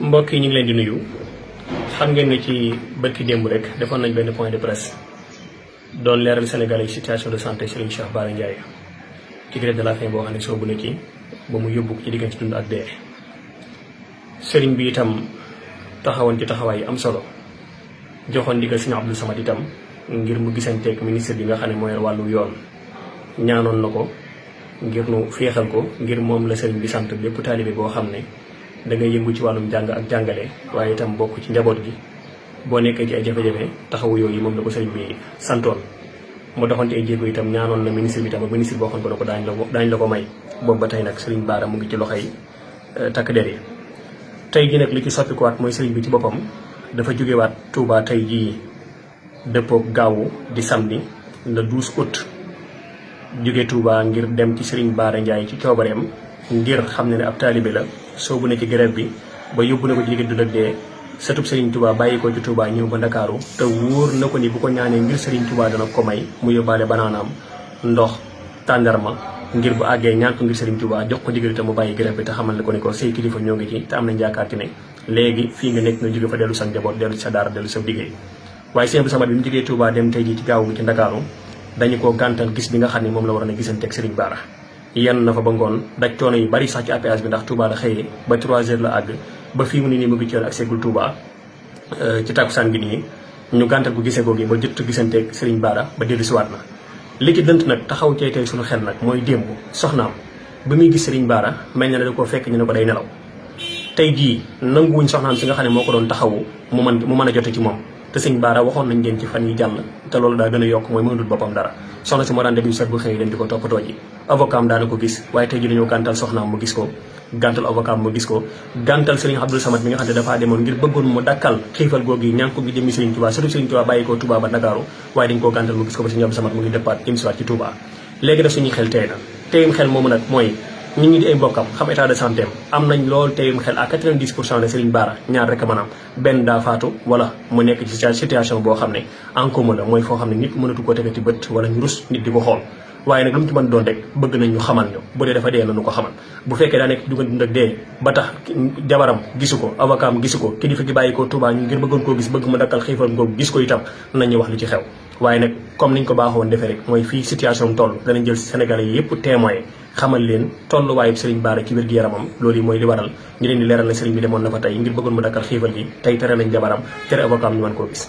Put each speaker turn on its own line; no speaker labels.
mbokk yi ñu ngi leen di nuyu xam ngeen ne ci bëkki démb rek defoon nañ benn point de presse doon leeral Sénégalais yi situation de santé Serigne Cheikh Bara Ndiaye ci grève de la faim boo xam ne soo bu ne ci ba mu yóbbu ci diggante dund ak dee Serigne bi itam taxawoon ci taxawaay yi am solo joxoon ndigal Serigne Abdou Samad itam ngir mu gisanteeg ministre bi nga xam ne mooy wàllu yoon ñaanoon na ko ngir nu féexal ko ngir moom la Serigne bi sant lépp taalibe boo xam ne da ngay yëngu ci wàllum jàng ak jàngale waaye itam bokk ci njaboot gi boo nekkee ci ay jafe-jafe taxawu yooyu moom la ko sëriñ bi santoon mu doxante ay jéego itam ñaanoon la ministre bi itam ak ministre boo xam ko ne ko may boobu ba tey nag sëriñ Baara mu ngi ci loxoy eh, takk der yi tey jii nag li ci soppikuwaat mooy sëriñ bi ci boppam dafa jógewaat Touba tey jii dëppoo gaawu di samedi le 12 août jóge tuubaa ngir dem ci sëriñ Baara Ndiaye ci coobareem ngir xam ne ne ab taalibe la soobu na ci grève bi ba yóbbu na ko ci digg dund ak dee satub Serigne Touba bàyyi ko ci Touba ñëw ba Ndakaaru te wóor na ko ni bu ko ñaanee ngir Serigne Touba dana ko may mu yóbbaale banaanaam ndox tàndarma ngir bu àggee ñaan ko ngir Serigne Touba jox ko digal te mu bàyyi ko ni ko say kilifa ñoo ngi ci te am nañ yaakaar ci ne léegi fii nga nekk nga jóge fa dellu sa njaboot dellu sa daara dellu sa liggéey waaye Serigne Abdou Samad bi mu jógee Touba dem tey ji ci gaawu gi ci Ndakaaru dañu ko gàntal gis bi nga xam ne moom la war a gisante ak Serigne yan na fa ba ngoon daj coono yu bari sax ci APS bi ndax Touba la xëyee ba 3 heures la àgg ba fii mu ne nii mu ngi ci yoon ak seegul Touba euh, ci tàkkusaan gi nii ñu gàntal ko gisee googu ba jëtt gisanteeg Serigne Bara ba dellu siwaat na li ci dënt nag taxaw cey tey suñu xel nag mooy démb soxnaam bi muy gis Serigne Bara mel na ne da koo fekk ñu ne ko day nelaw tey jii nanguwuñ soxnaam si nga xam ne moo ko doon taxawu mu mën mu mën a jote ci moom te sëñ baara waxoon nañ leen ci fan yi jàll te loolu daa gën a yokk mooy mënul boppam dara soxna si daan dem yu set bu xëy dem di ko toppatoo ji avocat am gis waaye tey ji dañoo gàntal soxnaam mu gis ko gàntal avocat mu gis ko gàntal sëriñ Abdul Samad mi nga xam ne dafaa demoon ngir bëggoon mu dakkal xiifal googu yi ñaan ko gi jëmi sëriñ Tuubaa surtout sëriñ Tuubaa bàyyi ko Tuubaa ba Ndakaaru waaye dañ koo gàntal mu gis ko ba sëriñ ñu ngi di ay mbokkam xam état de santé am nañ loolu teyum xel à 90 pour cent ne Serigne ñaar rek a benn daa faatu wala mu nekk ci situation boo xam ne en la mooy foo xam ne nit mënatu ko tegati bët wala ñu rus nit di ko xool waaye nag lu mu ci mën doon rek bëgg nañ ñu xamal ñu bu dee dafa dee na ñu ko xamal bu fekkee daa nekk dugal dund ak dee ba tax jabaram gisu ko avocat am gisu ko kilifa gi bàyyi ko Touba ñu ngir koo gis bëgg mu dakkal xiifal ngoogu gis ko wax li xew waaye nag comme niñ ko baaxoon defee rek mooy fii situation toll danañ jël Sénégalais yépp témoin xamal leen tolluwaayu sëriñ Bara ci wér-gu-yaramam loolu yi mooy li waral ñu leen di leeral na sëriñ bi demoon na fa tey ngir bëggoon mu dakkal xiifal gi tey tere nañ jabaram tere avocat ñu mën koo gis